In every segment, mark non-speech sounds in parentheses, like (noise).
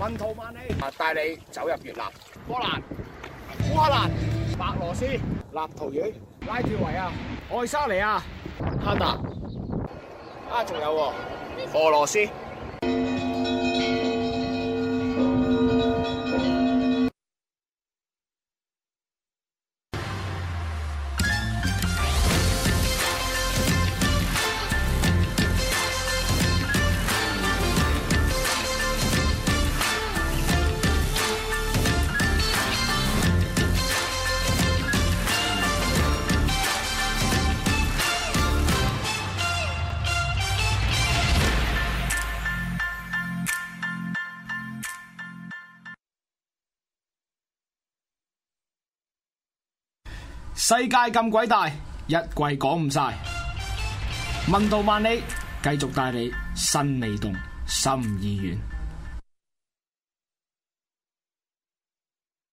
問途萬里，啊帶你走入越南、波蘭、烏克蘭、白羅斯、立陶宛、拉脫維亞、愛沙尼亞、加拿大，啊仲有俄羅斯。世界咁鬼大，一季講唔晒，問道萬里，繼續帶你心未動，心已遠。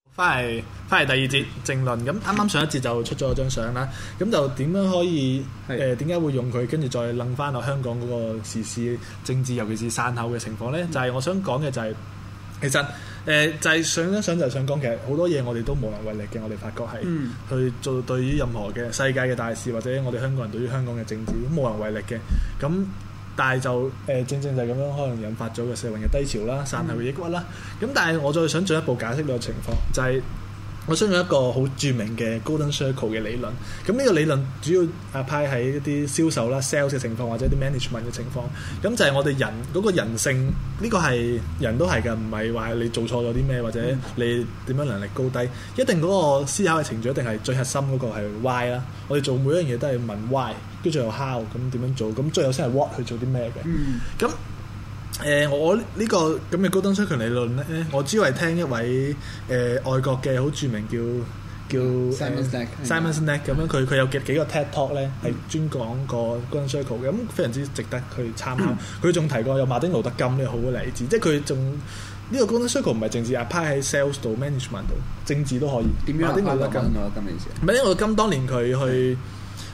翻嚟翻嚟第二節政論，咁啱啱上一節就出咗張相啦，咁就點樣可以誒？點解會用佢？跟住再諗翻落香港嗰個時事政治，尤其是傘後嘅情況呢，就係我想講嘅就係其實。誒、呃、就係想一想，想就係想講，其實好多嘢我哋都無能為力嘅。我哋發覺係、嗯、去做對於任何嘅世界嘅大事，或者我哋香港人對於香港嘅政治都無能為力嘅。咁但係就誒、呃、正正就係咁樣，可能引發咗個社運嘅低潮啦、傘後嘅抑鬱啦。咁、嗯、但係我想再想進一步解釋呢個情況，就係、是。我相信一個好著名嘅 Golden Circle 嘅理論，咁呢個理論主要 apply 喺一啲銷售啦、sales 嘅情況，或者啲 management 嘅情況。咁就係我哋人嗰個人性，呢個係人都係㗎，唔係話你做錯咗啲咩，或者你點樣能力高低，一定嗰個思考嘅程序一定係最核心嗰個係 why 啦。我哋做每一樣嘢都係問 why，跟住又 how 咁點樣做，咁最後先係 what 去做啲咩嘅。嗯，咁。誒我呢個咁嘅 Golden Circle 理論咧，我只要係聽一位誒外國嘅好著名叫叫 Simon Sinek 咁樣，佢佢有幾幾個 TED Talk 咧係專講個 Golden Circle，嘅，咁非常之值得去參考。佢仲提過有馬丁路德金呢個好嘅例子，即係佢仲呢個 Golden Circle 唔係淨止 apply 喺 sales 度、management 度，政治都可以。點樣？馬丁路德金啊？金嘅意思？馬丁路德金當年佢去，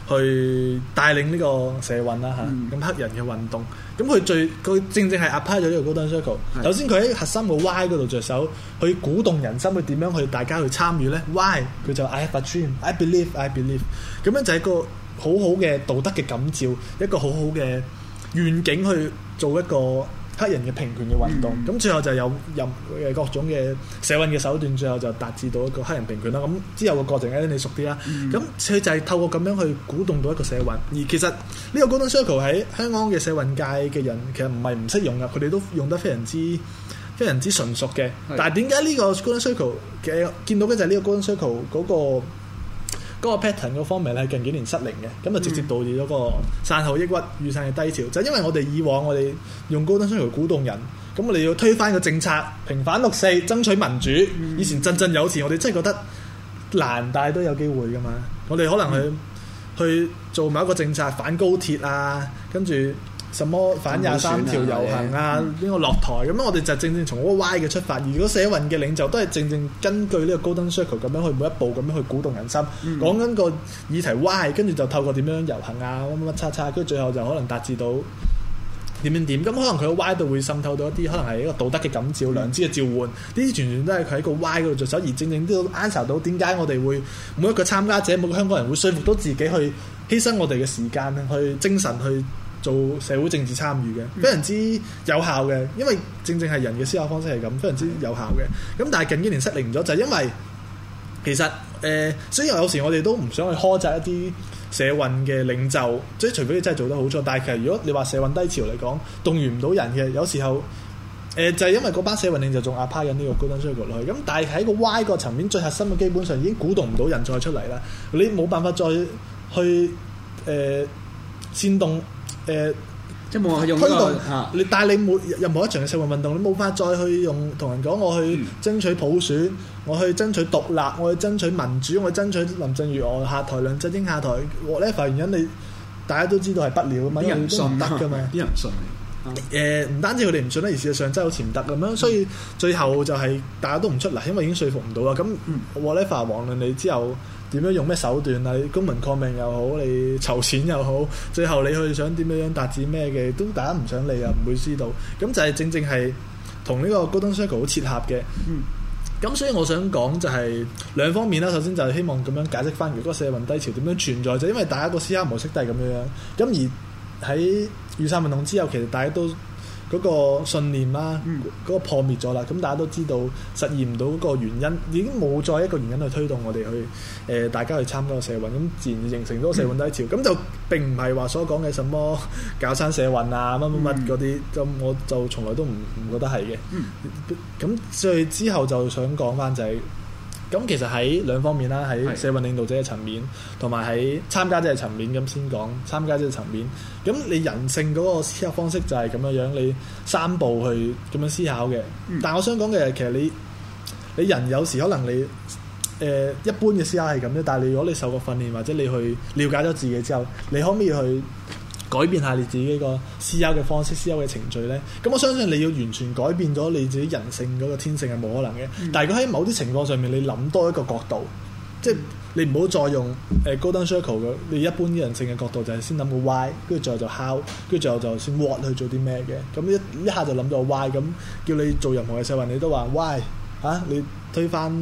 去帶領呢個社運啦嚇，咁、嗯、黑人嘅運動，咁佢最佢正正係 apply 咗呢個 Golden Circle 的。首先佢喺核心嘅 why 嗰度着手，去鼓動人心去點樣去大家去參與呢 Why 佢就 I have a dream，I believe，I believe。咁樣就係一個好好嘅道德嘅感召，一個好好嘅願景去做一個。黑人嘅平權嘅運動，咁、嗯、最後就有任嘅各種嘅社運嘅手段，最後就達至到一個黑人平權啦。咁之後個過程咧，你熟啲啦。咁佢、嗯、就係透過咁樣去鼓動到一個社運。而其實呢個 Golden Circle 喺香港嘅社運界嘅人，其實唔係唔識用噶，佢哋都用得非常之非常之純熟嘅。是但係點解呢個 Golden Circle 嘅見到嘅就係呢個 Golden Circle 嗰、嗰個？嗰個 pattern 嘅方面咧，係近幾年失靈嘅，咁啊直接導致咗個傘後抑鬱、雨傘嘅低潮，就是、因為我哋以往我哋用高登商場鼓動人，咁我哋要推翻個政策、平反六四、爭取民主，嗯、以前振振有詞，我哋真係覺得難，但都有機會㗎嘛，我哋可能去、嗯、去做某一個政策反高鐵啊，跟住。什麼反廿三條遊行啊？邊個落台咁？我哋就正正從個 Y 嘅出發。如果社運嘅領袖都係正正根據呢個 Golden Circle 咁樣去每一步咁樣去鼓動人心，嗯、講緊個議題 Y，跟住就透過點樣遊行啊乜乜乜叉叉，跟住最後就可能達至到點樣點。咁可能佢個 Y 度會滲透到一啲可能係一個道德嘅感召、良知嘅召喚，呢啲、嗯、全全都係佢喺個 Y 嗰度着手，而正正都 answer 到點解我哋會每一個參加者、每個香港人會説服到自己去犧牲我哋嘅時間、去精神、去。做社會政治參與嘅，非常之有效嘅，因為正正係人嘅思考方式係咁，非常之有效嘅。咁但係近幾年失靈咗，就係、是、因為其實誒、呃，所以有時我哋都唔想去苛責一啲社運嘅領袖，即係除非你真係做得好錯。但係其實如果你話社運低潮嚟講，動員唔到人嘅，有時候誒、呃、就係、是、因為嗰班社運領袖仲壓趴緊呢個 Golden Circle 落去。咁但係喺個 Y 個層面，最核心嘅基本上已經鼓動唔到人再出嚟啦。你冇辦法再去誒、呃、煽動。誒，呃、即係、這個、推動但你但係你冇任何一場嘅社會運動，你冇法再去用同人講，我去爭取普選，嗯、我去爭取獨立，我去爭取民主，我去爭取林鄭月娥下台、梁振英下台。whatever 原因，你大家都知道係不了嘅，啲人都唔得㗎嘛。啲人信，誒唔、啊呃、單止佢哋唔信啦，而事實上真係好潛得咁樣，嗯、所以最後就係大家都唔出嚟，因為已經說服唔到啦。咁 whatever 無論你之後。點樣用咩手段啦？公民抗命又好，你籌錢又好，最後你去想點樣樣達至咩嘅，都大家唔想理啊，唔會知道。咁、嗯、就係正正係同呢個 Golden Circle 好切合嘅。咁、嗯、所以我想講就係兩方面啦。首先就係希望咁樣解釋翻，如、那、果、個、社運低潮點樣存在，就是、因為大家個思考模式都係咁樣。咁而喺雨傘運動之後，其實大家都。嗰個信念啦，嗰、嗰個破滅咗啦，咁大家都知道實現唔到嗰個原因，已經冇再一個原因去推動我哋去誒、呃、大家去參加社運，咁自然形成咗社運低潮，咁、嗯、就並唔係話所講嘅什麼搞山社運啊乜乜乜嗰啲，咁、嗯、我就從來都唔唔覺得係嘅。咁、嗯、最之後就想講翻就係、係。咁其實喺兩方面啦，喺社運領導者嘅層面，同埋喺參加者嘅層面。咁先講參加者嘅層面。咁你人性嗰個思考方式就係咁樣樣，你三步去咁樣思考嘅。但係我想講嘅其實你你人有時可能你誒、呃、一般嘅思考係咁啫，但係你如果你受過訓練或者你去了解咗自己之後，你可唔可以去改變下你自己個思考嘅方式、思考嘅程序呢。咁我相信你要完全改變咗你自己人性嗰個天性係冇可能嘅。嗯、但係如果喺某啲情況上面，你諗多一個角度，即係你唔好再用誒 Golden Circle 嘅你一般啲人性嘅角度，就係先諗個 why，跟住最後就「how，跟住最後就就先 what 去做啲咩嘅。咁一一下就諗到 why，咁叫你做任何嘅事話，你都話 why 嚇？你推翻。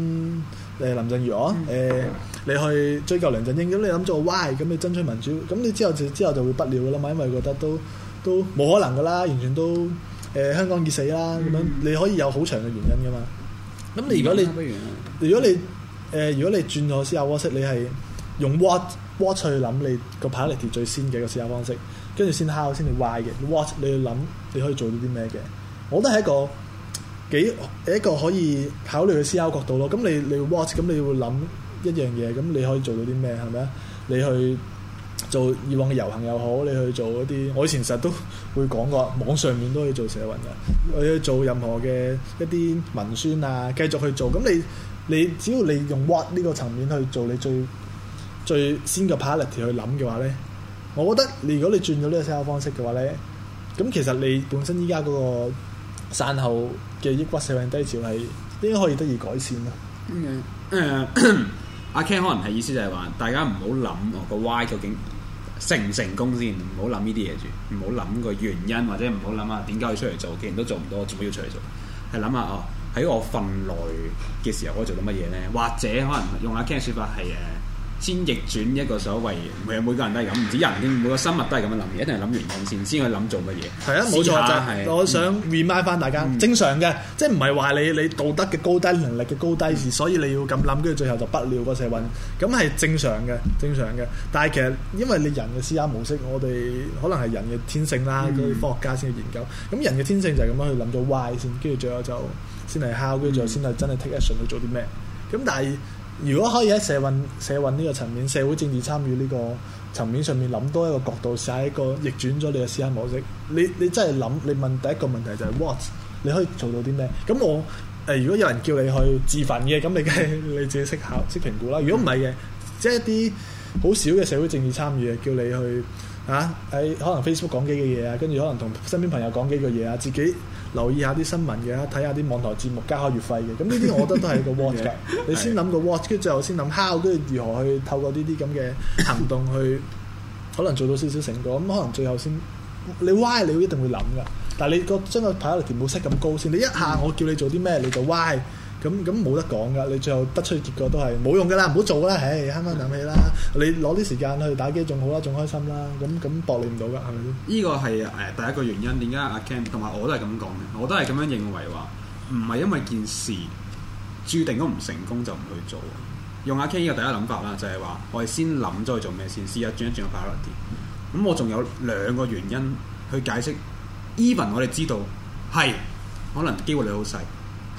誒林鄭月娥，誒、嗯嗯、你去追究梁振英，咁你諗咗 why 咁你爭取民主，咁你之後就之後就會不了噶啦嘛，因為覺得都都無可能噶啦，完全都誒、呃、香港要死啦咁、嗯、樣，你可以有好長嘅原因噶嘛。咁你如果你、嗯嗯、如果你誒、呃、如果你轉左思，思，思考方式，你係用 what what 去諗你個 priority 最先嘅一個思考方式，跟住先 how 先至 why 嘅 what 你去諗，你可以做到啲咩嘅？我覺得係一個。幾一個可以考慮嘅思考角度咯，咁你你 what 咁你會諗一樣嘢，咁你可以做到啲咩係咪啊？你去做以往嘅遊行又好，你去做一啲我以前實都會講過，網上面都可以做社運啊，你去做任何嘅一啲文宣啊，繼續去做。咁你你只要你用 what 呢個層面去做，你最最先嘅 priority 去諗嘅話咧，我覺得你如果你轉咗呢個思考方式嘅話咧，咁其實你本身依家嗰個散後嘅抑鬱、失眠、低潮係應該可以得以改善啊 Okay. (coughs) 阿 Ken 可能係意思就係話，大家唔好諗我個 Y 究竟成唔成功先，唔好諗呢啲嘢住，唔好諗個原因，或者唔好諗啊點解要出嚟做，既然都做唔到，做乜要出嚟做？係諗下哦，喺我份內嘅時候，可以做到乜嘢咧？或者可能用阿 Ken 嘅説法係誒。先逆轉一個所謂，每每個人都係咁，唔知人添，每個生物都係咁樣諗，樣一定係諗完先先先去諗做乜嘢。係啊，冇錯啦。我想 remind 翻大家，嗯、正常嘅，即係唔係話你你道德嘅高低、能力嘅高低，嗯、所以你要咁諗，跟住最後就不了個社運，咁係正常嘅，正常嘅。但係其實因為你人嘅思考模式，我哋可能係人嘅天性啦，啲、嗯、科學家先去研究。咁人嘅天性就係咁樣去諗到 why 先，跟住最後就先嚟 how，跟住先係真係 take action 去、嗯、做啲咩。咁但係。如果可以喺社運社運呢個層面、社會政治參與呢個層面上面諗多一個角度，寫一個逆轉咗你嘅思考模式，你你真係諗，你問第一個問題就係 what，你可以做到啲咩？咁我誒、呃，如果有人叫你去自焚嘅，咁你梗係你自己識考、識評估啦。如果唔係嘅，即係一啲好少嘅社會政治參與，叫你去嚇喺、啊、可能 Facebook 講幾句嘢啊，跟住可能同身邊朋友講幾句嘢啊，自己。留意下啲新聞嘅睇下啲網台節目交下月費嘅，咁呢啲我覺得都係個 what (laughs) 對你先諗個 what，跟住最後先諗 how，跟住如何去透過呢啲咁嘅行動去可能做到少少成果。咁可能最後先你 why，你一定會諗噶。但係你個將個體力調冇 set 咁高先，你一下我叫你做啲咩你就 why 咁咁冇得講噶，你最後得出嘅結果都係冇用噶啦，唔好做啦，唉，慳返啖氣啦，你攞啲時間去打機仲好啦，仲開心啦，咁咁駁你唔到噶，係咪呢？依個係第一個原因，點解阿 Ken 同埋我都係咁講嘅，我都係咁樣認為話，唔係因為件事注定都唔成功就唔去做。用阿 Ken 依個第一諗法啦，就係話我係先諗咗去做咩先，試下轉一轉個 priority。咁我仲有兩個原因去解釋。Even 我哋知道係可能機會率好細。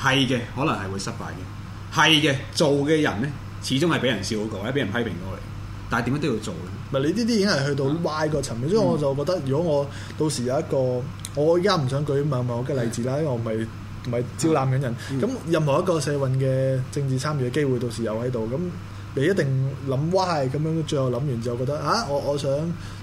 係嘅，可能係會失敗嘅。係嘅，做嘅人咧，始終係俾人笑過，或者俾人批評過嚟。但係點樣都要做嘅。唔係你呢啲已經係去到歪個層面，啊、所以我就覺得，如果我到時有一個，我依家唔想舉某某我嘅例子啦，嗯、因為我唔係招攬緊人。咁、嗯、任何一個社運嘅政治參與嘅機會，到時又喺度咁。你一定諗 why，咁樣，最後諗完之後就覺得嚇、啊，我我想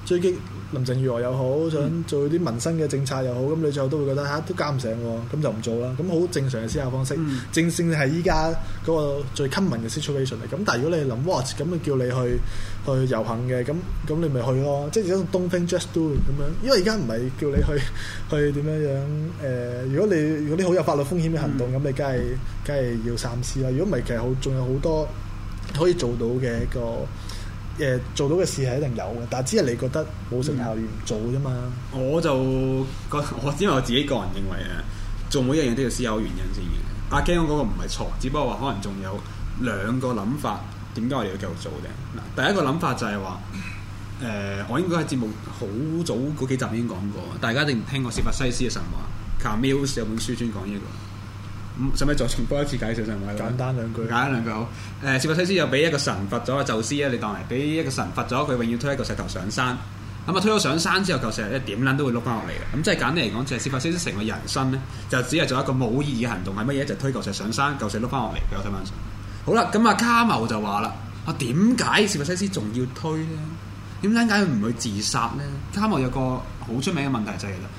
追擊林鄭月娥又好，想做啲民生嘅政策又好，咁、嗯、你最後都會覺得吓、啊，都加唔醒喎、啊，咁就唔做啦。咁好正常嘅思考方式，嗯、正正係依家嗰個最 common 嘅 situation 嚟。咁但係如果你諗 what，咁叫你去去遊行嘅，咁咁你咪去咯。即係一種 don't think just do 咁樣，因為而家唔係叫你去去點樣樣誒、呃。如果你如果啲好有法律風險嘅行動，咁、嗯、你梗係梗係要三思啦。如果唔係，其實好仲有好多。可以做到嘅一個誒、欸、做到嘅事係一定有嘅，但係只係你覺得冇成效要、嗯、做啫嘛。我就個我只因我自己個人認為誒，做每一樣都要思考原因先嘅。阿 Ken 嗰個唔係錯，只不過話可能仲有兩個諗法，點解我哋要繼續做嘅？嗱，第一個諗法就係話誒，我應該喺節目好早嗰幾集已經講過，大家一定聽過《薛西弗斯嘅神話》，Camus、嗯、有本書專講呢、這個。使咪再重播一次介紹就係？簡單兩句，簡單兩句好。誒、呃，薛西弗斯又俾一個神罰咗啊，宙斯啊，你當嚟俾一個神罰咗佢，永遠推一個石頭上山。咁、嗯、啊，推咗上山之後，嚿石咧點撚都會碌翻落嚟嘅。咁、嗯、即係簡單嚟講，就係薛西弗斯成個人生咧，就只係做一個冇意義嘅行動，係乜嘢？就是、推嚿石上山，嚿石碌翻落嚟。佢我睇翻上。好啦，咁、嗯、啊，卡繆就話啦，我點解薛西弗斯仲要推咧？點解佢唔去自殺咧？卡繆有個好出名嘅問題就係、是、啦。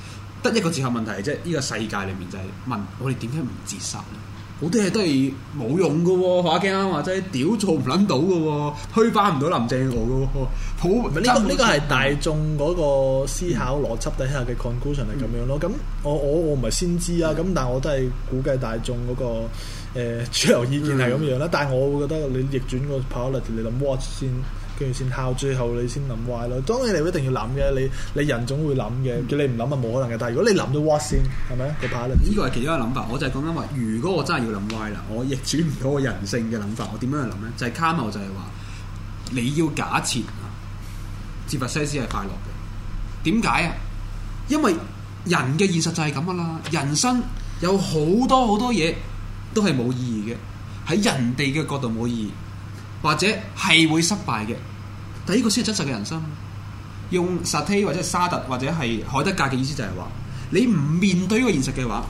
得一個哲學問題即係，呢、這個世界裏面就係問我哋點解唔自殺？好多嘢都係冇用嘅喎，話驚或者屌做唔撚到嘅喎，推翻唔到林鄭娥嘅好，呢、這個呢、這個係大眾嗰個思考邏輯底下嘅 conclusion 係咁、嗯、樣咯。咁我我我唔係先知啊，咁、嗯、但我都係估計大眾嗰、那個、呃、主流意見係咁樣啦。嗯、但係我會覺得你逆轉個 priority，你諗 what 先。」跟住先敲，最後你先諗壞咯。當然你一定要諗嘅，你你人總會諗嘅。叫你唔諗啊，冇可能嘅。但係如果你諗到 what 先，係咪呢？呢個係其中一個諗法。我就係講緊話，如果我真係要諗壞啦，我逆轉咗我人性嘅諗法，我點樣去諗呢？就係、是、卡繆，就係話你要假設啊，薛西弗斯係快樂嘅。點解啊？因為人嘅現實就係咁噶啦。人生有好多好多嘢都係冇意義嘅，喺人哋嘅角度冇意義，或者係會失敗嘅。呢個先係真實嘅人生。用薩提或者沙特或者係海德格嘅意思就係話，你唔面對呢個現實嘅話，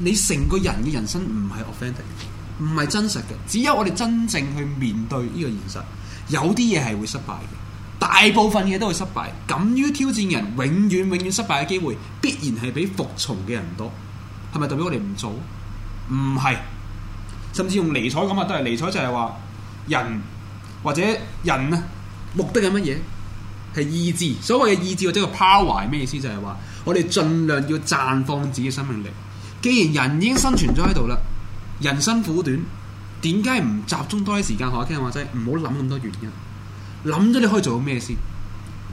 你成個人嘅人生唔係 authentic，唔係真實嘅。只有我哋真正去面對呢個現實，有啲嘢係會失敗嘅，大部分嘢都會失敗。敢於挑戰人，永遠永遠失敗嘅機會，必然係比服從嘅人多。係咪代表我哋唔做？唔係。甚至用尼采咁啊，都係尼采就係話：人或者人啊。目的係乜嘢？係意志，所謂嘅意志或者個 power 係咩意思？就係、是、話我哋盡量要綻放自己生命力。既然人已經生存咗喺度啦，人生苦短，點解唔集中多啲時間學下？聽話真，唔好諗咁多原因。諗咗、嗯、你可以做到咩先？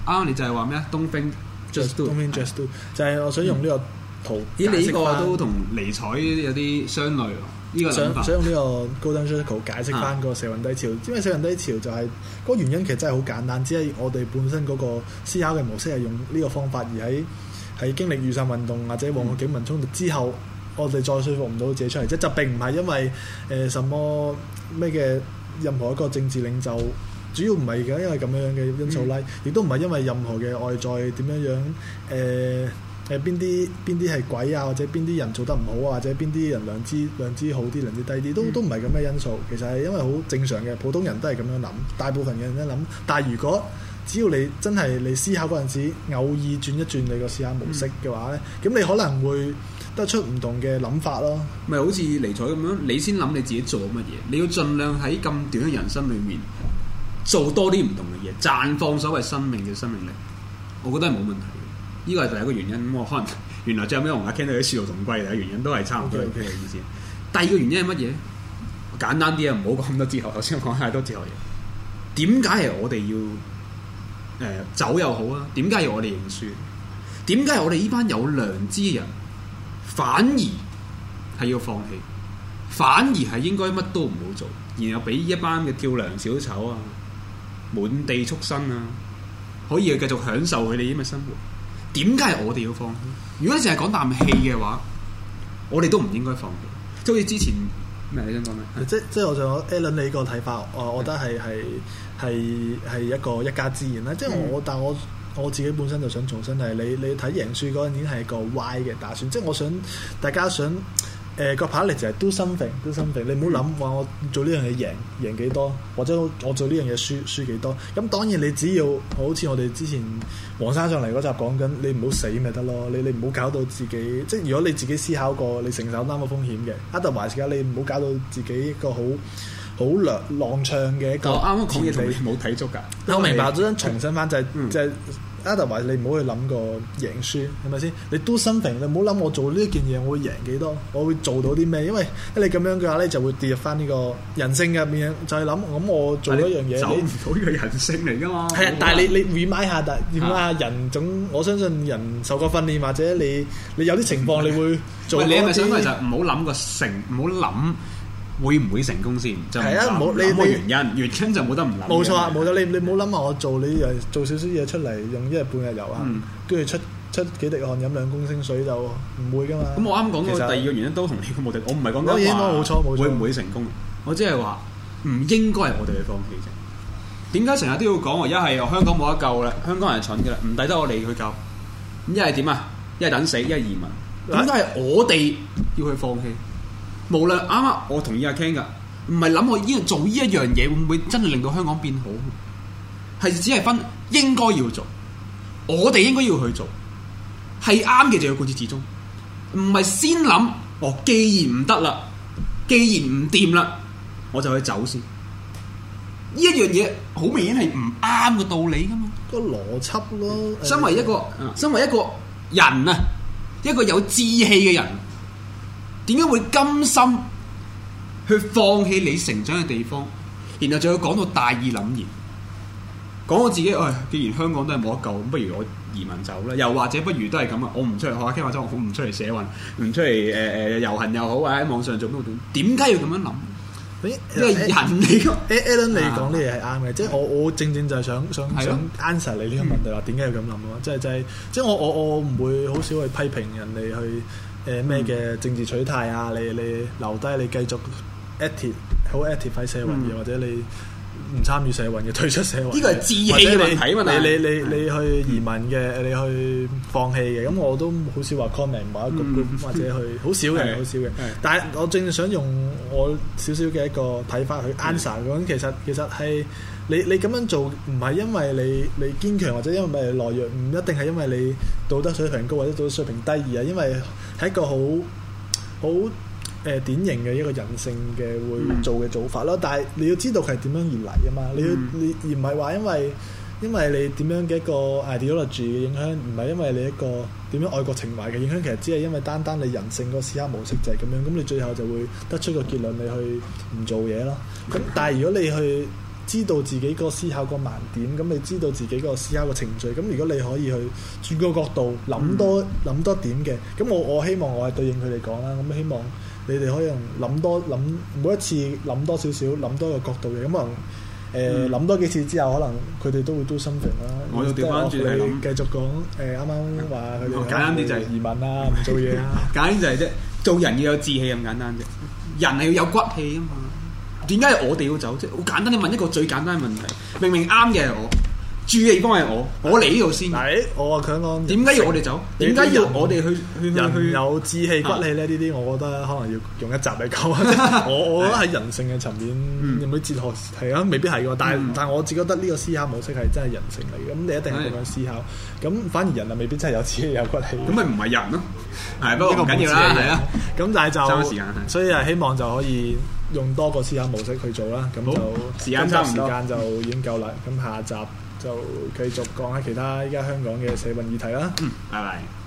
啱，你就係話咩啊？Don't think just, just do，就係我想用呢個圖、嗯。咦，你呢個都同尼采有啲相類。呢個想法想用呢個 Golden Circle 解釋返個社運低潮，因為社運低潮就係、嗰個原因其實真係好簡單，只係我哋本身嗰個思考嘅模式係用呢個方法，而喺喺經歷雨傘運動或者旺角警民衝突之後，我哋再説服唔到自己出嚟，嗯、即係並唔係因為誒、呃、什麼咩嘅任何一個政治領袖，主要唔係嘅，因為咁樣嘅因素啦，亦都唔係因為任何嘅外在點樣樣誒。呃誒邊啲邊啲係鬼啊，或者邊啲人做得唔好，或者邊啲人良知良知好啲，良知低啲，都都唔係咁嘅因素。其實係因為好正常嘅，普通人都係咁樣諗。大部分嘅人一諗，但係如果只要你真係你思考嗰陣時，偶爾轉一轉你個思考模式嘅話呢，咁你可能會得出唔同嘅諗法咯。咪好似尼采咁樣，你先諗你自己做乜嘢，你要盡量喺咁短嘅人生裡面做多啲唔同嘅嘢，綻放所謂生命嘅生命力，我覺得係冇問題。呢個係第一個原因。我，嗯嗯，可能原來最後尾，我同阿 Ken 都啲思路同貴嘅原因都係差唔多。OK 嘅 okay 意思。第二個原因係乜嘢？ (laughs) 簡單啲，呃、啊，唔好講咁多哲學。頭先我講太多哲學嘢。點解係我哋要誒走又好啦？點解要我哋認輸？點解我哋呢班有良知嘅人反而係要放棄？反而係應該乜都唔好做，然後俾一班嘅跳梁小丑啊，滿地畜生啊，可以繼續享受佢哋咁嘅生活。點解我哋要放？如果淨係講啖氣嘅話，我哋都唔應該放即是即。即好似之前咩你想講咩？即即係我就 Alan 你個睇法，我覺得係係係係一個一家之言啦。即係我，嗯、但我我自己本身就想重新睇你，你睇贏輸嗰陣已經係個歪嘅打算。即係我想、嗯、大家想。誒個牌嚟就係 do something，do something，你唔好諗話我做呢樣嘢贏贏幾多，或者我做呢樣嘢輸輸幾多。咁當然你只要好似我哋之前黃生上嚟嗰集講緊，你唔好死咪得咯。你你唔好搞到自己，即係如果你自己思考過，你承受啱個風險嘅。阿特華時間你唔好搞到自己一個好好浪浪唱嘅一個。啱啱講嘢同你冇睇足㗎。我明白，我想、嗯、重申翻就係即係。嗯就是阿特話：你唔好去諗個贏輸，係咪先？你都心平，你唔好諗我做呢一件嘢，我會贏幾多，我會做到啲咩？因為一你咁樣嘅話咧，就會跌入翻呢個人性入面，就係諗咁我做一樣嘢走唔到呢個人性嚟㗎嘛。係啊，我說但係你你 remind 下，但 remind 下啊，人總我相信人受過訓練，或者你你有啲情況你會做。你係咪想問就唔好諗個成，唔好諗。會唔會成功先？係啊，冇你冇原因，原因就冇得唔諗。冇錯啊，冇錯，你你唔好諗下我做你又做少少嘢出嚟，用一日半日遊行啊，跟住出出幾滴汗，飲兩公升水就唔會㗎嘛。咁我啱講嘅第二個原因都同你冇目我唔係講得。我應該冇錯冇錯。會唔會成功？我即係話唔應該係我哋去放棄啫。點解成日都要講？一係香港冇得救啦，香港人蠢㗎啦，唔抵得我哋去救。一係點啊？一係等死，一係移民。點解係我哋要去放棄？無論啱啱我同意阿 Ken 噶，唔係諗我依做呢一樣嘢會唔會真係令到香港變好，係只係分應該要做，我哋應該要去做，係啱嘅就要貫徹始終，唔係先諗哦，既然唔得啦，既然唔掂啦，我就去走先。呢一樣嘢好明顯係唔啱嘅道理噶嘛，個邏輯咯。嗯、身為一個、嗯、身為一個人啊，嗯、一個有志氣嘅人。點解會甘心去放棄你成長嘅地方，然後仲要講到大義凜然，講到自己，喂，既然香港都係冇得救，咁不如我移民走啦，又或者不如都係咁啊，azon, 我唔出嚟學下 K 版裝，我唔出嚟社運，唔出嚟誒誒遊行又好啊，喺網上做呢度，點解要咁樣諗？你係、欸、人、欸欸、你講啲嘢係啱嘅，即係我我正正就係想想的想 answer 你呢個問題，話點解要咁諗咯？即係、就係就係、即係即係我我我唔會好少去批評人哋去。誒咩嘅政治取態啊？你你留低你繼續 active，好 active 喺社運嘅，嗯、或者你唔參與社運嘅退出社運。呢個係志氣嘅問題、啊、你你你，你，你去移民嘅，嗯、你去放棄嘅。咁我都好少話 comment 或者去好、嗯、少嘅，好少嘅。少是但係我正想用我少少嘅一個睇法去 answer、嗯。咁其實其實係你你咁樣做唔係因為你你堅強，或者因為你懦弱？唔一定係因為你道德水平高，或者道德水平低而係因為。係一個好好誒典型嘅一個人性嘅會做嘅做法咯，mm. 但係你要知道佢係點樣而嚟啊嘛，mm. 你要你而唔係話因為因為你點樣嘅一個 ideology 嘅影響，唔係因為你一個點樣愛國情懷嘅影響，其實只係因為單單你人性個思考模式就係咁樣，咁你最後就會得出個結論，你去唔做嘢咯。咁但係如果你去，知道自己個思考個盲點，咁你知道自己個思考個程序，咁如果你可以去轉個角度，諗多諗多點嘅，咁我我希望我係對應佢哋講啦，咁希望你哋可以用諗多諗，每一次諗多少少，諗多個角度嘅，咁可能誒諗多幾次之後，可能佢哋都會都心平啦。我調翻轉嚟諗，繼續講誒啱啱話佢講，簡單啲就係移民啊，唔做嘢啊，簡單就係啫，做人要有志氣咁簡單啫，人係要有骨氣啊嘛。點解要我哋要走？即係好簡單，你問一個最簡單嘅問題。明明啱嘅，我住嘅地方係我，我嚟呢度先。係，我話強安。點解要我哋走？點解要我哋去？人有志氣骨氣咧，呢啲我覺得可能要用一集嚟講。我我覺得喺人性嘅層面有冇哲學？係啊，未必係噶。但係但係，我只覺得呢個思考模式係真係人性嚟嘅。咁你一定係咁樣思考。咁反而人啊，未必真係有志氣有骨氣。咁咪唔係人咯？係不過個模式係啊。咁但係就收翻時間所以係希望就可以用多個思考模式去做啦，咁就咁多時，時間就已經夠啦。咁、嗯、下集就繼續講下其他依家香港嘅社運議題啦。嗯，拜拜。